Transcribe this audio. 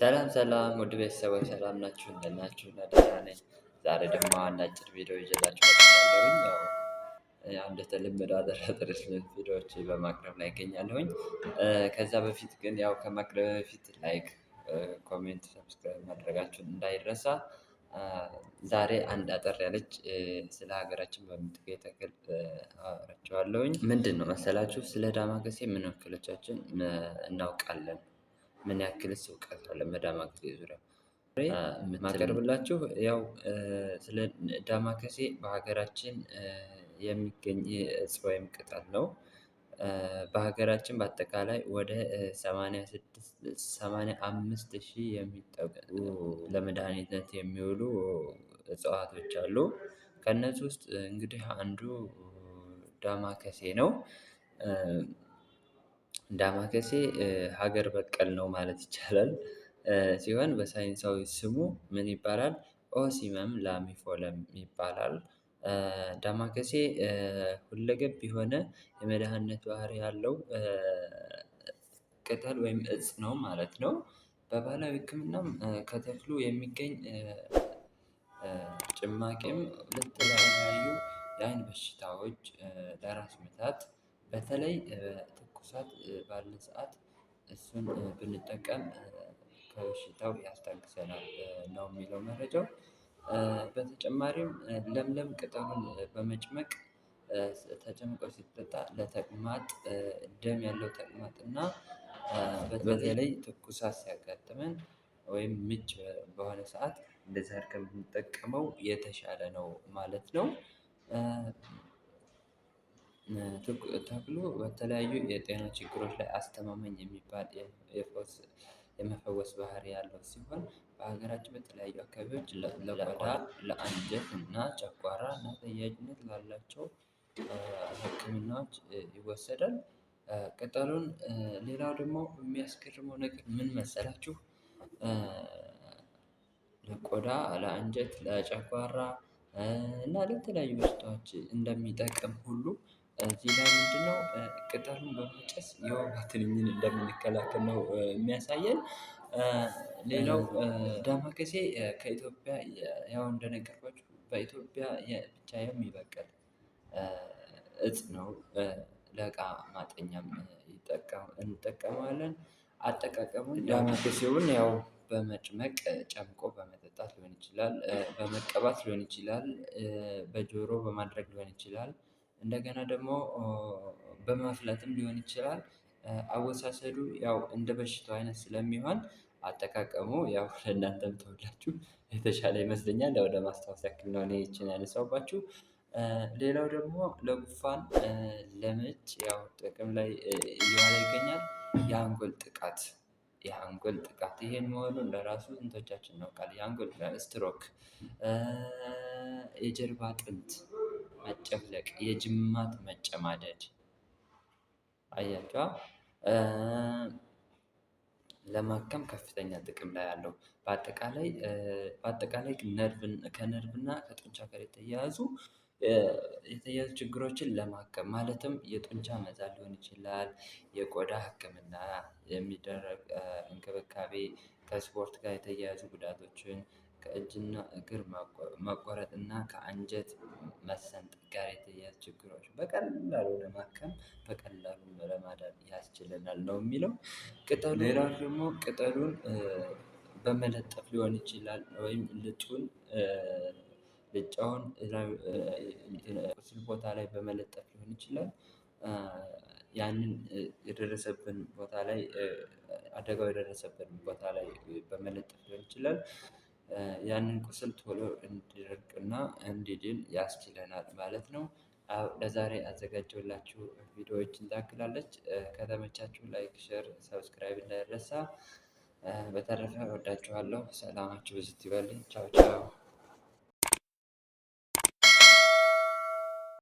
ሰላም ሰላም ውድ ቤተሰቦች ሰላም ናችሁ? እንደት ናችሁ? እና ደህና ነኝ። ዛሬ ደግሞ አንድ አጭር ቪዲዮ ይዤላችሁ መጥቻለሁኝ። ያው እንደተለመደው አጠራጥርስ ቪዲዮዎች በማቅረብ ላይ ይገኛለሁኝ። ከዛ በፊት ግን ያው ከማቅረብ በፊት ላይክ፣ ኮሜንት፣ ሰብስክራይብ ማድረጋችሁን እንዳይረሳ። ዛሬ አንድ አጠር ያለች ስለ ሀገራችን በምትገኝ ተክል አወራችኋለሁኝ። ምንድን ነው መሰላችሁ ስለ ዳማከሴ ምን ወክሎቻችን እናውቃለን? ምን ያክልስ እውቀት አለ ዳማከሴ ዙሪያ ማቀርብላችሁ ያው ስለ ዳማከሴ በሀገራችን የሚገኝ እጽ ወይም ቅጠል ነው። በሀገራችን በአጠቃላይ ወደ ሰማንያ ሰማንያ አምስት ሺህ የሚጠጉ ለመድኃኒትነት የሚውሉ እጽዋቶች አሉ። ከእነዚህ ውስጥ እንግዲህ አንዱ ዳማከሴ ነው። ዳማከሴ ሀገር በቀል ነው ማለት ይቻላል ሲሆን በሳይንሳዊ ስሙ ምን ይባላል? ኦሲመም ላሚፎለም ይባላል። ዳማከሴ ሁለገብ የሆነ የመድሃነት ባህሪ ያለው ቅጠል ወይም እጽ ነው ማለት ነው። በባህላዊ ህክምናም ከተክሉ የሚገኝ ጭማቂም ለተለያዩ የአይን በሽታዎች፣ ለራስ ምታት በተለይ ትኩሳት ባለን ሰዓት እሱን ብንጠቀም ከበሽታው ያስታግሰናል ነው የሚለው መረጃው። በተጨማሪም ለምለም ቅጠሉን በመጭመቅ ተጨምቆ ሲጠጣ ለተቅማጥ ደም ያለው ተቅማጥ እና በተለይ ትኩሳት ሲያጋጥመን ወይም ምች በሆነ ሰዓት እንደዚህ አድርገን ብንጠቀመው የተሻለ ነው ማለት ነው። ተብሎ በተለያዩ የጤና ችግሮች ላይ አስተማማኝ የሚባል የመፈወስ ባህሪ ያለው ሲሆን በሀገራችን በተለያዩ አካባቢዎች ለቆዳ፣ ለአንጀት እና ጨጓራ እና ተያያዥነት ላላቸው ህክምናዎች ይወሰዳል። ቅጠሉን ሌላው ደግሞ የሚያስገርመው ነገር ምን መሰላችሁ? ለቆዳ፣ ለአንጀት፣ ለጨጓራ እና ለተለያዩ በሽታዎች እንደሚጠቅም ሁሉ እዚህ ላይ ምንድነው ቅጠሉን በመጨስ የወባ ትንኝን እንደምንከላከል ነው የሚያሳየን። ሌላው ዳማከሴ ከኢትዮጵያ ያው እንደነገርኳችሁ በኢትዮጵያ ብቻ የሚበቅል እጽ ነው። ለእቃ ማጠኛም እንጠቀመዋለን። አጠቃቀሙን ዳማከሴውን ያው በመጭመቅ ጨምቆ በመጠጣት ሊሆን ይችላል፣ በመቀባት ሊሆን ይችላል፣ በጆሮ በማድረግ ሊሆን ይችላል። እንደገና ደግሞ በማፍላትም ሊሆን ይችላል። አወሳሰዱ ያው እንደ በሽታው አይነት ስለሚሆን አጠቃቀሙ ያው ለእናንተም ተወላችሁ የተሻለ ይመስለኛል። ያው ለማስታወስ ያክል ነው እኔ ይችን ያነሳውባችሁ። ሌላው ደግሞ ለጉፋን ለምች ያው ጥቅም ላይ እየዋለ ይገኛል። የአንጎል ጥቃት የአንጎል ጥቃት ይሄን መሆኑን ለራሱ ስንቶቻችን እናውቃለን? የአንጎል ስትሮክ፣ የጀርባ አጥንት ማጨፍለቅ፣ የጅማት መጨማደድ አያቸዋ ለማከም ከፍተኛ ጥቅም ላይ አለው። በአጠቃላይ ከነርቭና ከጡንቻ ጋር የተያያዙ የተያያዙ ችግሮችን ለማከም ማለትም የጡንቻ መዛል ሊሆን ይችላል፣ የቆዳ ሕክምና የሚደረግ እንክብካቤ ከስፖርት ጋር የተያያዙ ጉዳቶችን ከእጅና እግር መቆረጥ እና ከአንጀት መሰንጠቅ ጋር የተያያዙ ችግሮች በቀላሉ ለማከም በቀላሉ ለማዳን ያስችለናል ነው የሚለው። ሌላው ደግሞ ቅጠሉን በመለጠፍ ሊሆን ይችላል ወይም ልጩን ልጫውን ቁስል ቦታ ላይ በመለጠፍ ሊሆን ይችላል። ያንን የደረሰብን ቦታ ላይ አደጋው የደረሰብን ቦታ ላይ በመለጠፍ ሊሆን ይችላል። ያንን ቁስል ቶሎ እንዲደርቅና እንዲድን ያስችለናል ማለት ነው። ለዛሬ ያዘጋጀሁላችሁ ቪዲዮዎችን ታክላለች ከተመቻችሁ ላይክ፣ ሼር፣ ሰብስክራይብ እንዳይረሳ። በተረፈ ወዳችኋለሁ። ሰላማችሁ ብዙ ይበልኝ። ቻው ቻው።